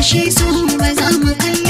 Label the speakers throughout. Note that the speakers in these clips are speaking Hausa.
Speaker 1: ashe sun ba za mu kalla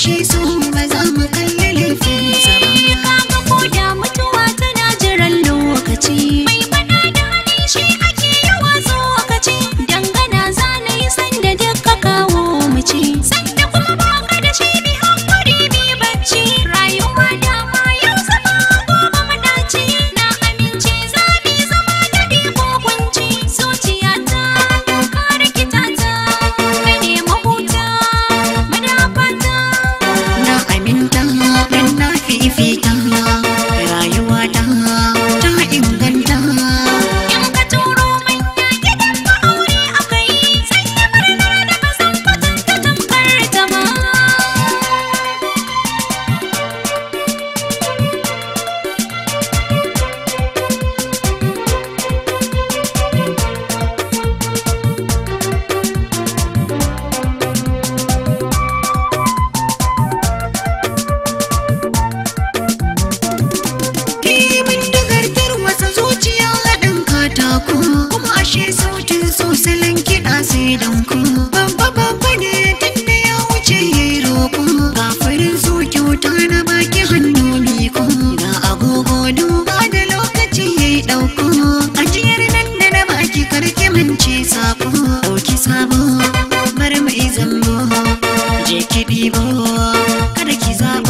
Speaker 1: she's so ku kuma ashe sautin su salon kiɗa sai dan ku babba babba ne tun da ya wuce ya yi roƙo ga farin so kyauta na baki hannu mai ku ga agogo duba da lokaci ya yi ɗauko ajiyar nan da na baki karki mance sabo ɗauki sabo bar mai zambo je ki ɗibo kada ki zabo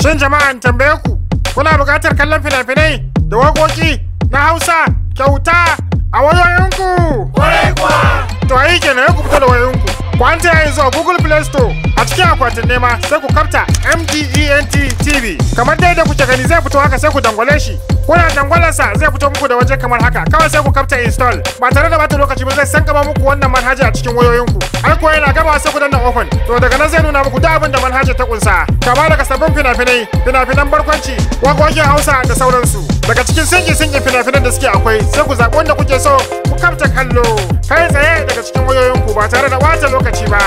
Speaker 2: Shin jama'a in tambaye ku kuna buƙatar kallon fina-finai da waƙoƙi na Hausa kyauta a wayoyinku? Kwarai kuwa! To ayi kenan ya ku fito da wayoyinku. Ku an yanzu zuwa Google Play Store a cikin akwatin nema sai ku kafta mdent tv kamar dai da kuke gani zai fito haka sai ku dangwale shi kuna dangwalarsa zai fito muku da waje kamar haka kawai sai ku kafta install ba tare da bata lokaci ba zai san kamar muku wannan manhaja a cikin wayoyinku ai ko yana gaba sai ku danna open to daga nan zai nuna muku duk abin da manhaja ta kunsa kama daga sabbin fina-finai fina-finan barkwanci waƙoƙin hausa da sauransu daga cikin singi-singin fina-finan da suke akwai sai ku zaɓi wanda kuke so ku kafta kallo kai tsaye daga cikin wayoyinku ba tare da wata lokaci ba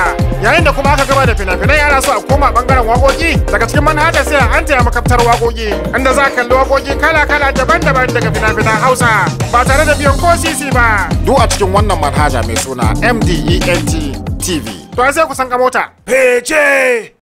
Speaker 2: yayin da kuma aka gaba da fina-finai yana so a koma bangaren wakoki daga cikin manhaja sai an ya makabtar wakoki inda za a kalli wakoki kala-kala daban-daban daga fina-finan hausa ba tare da biyan ko sisi ba duk a cikin wannan manhaja mai suna mdent tv to sai ku san ka mota fece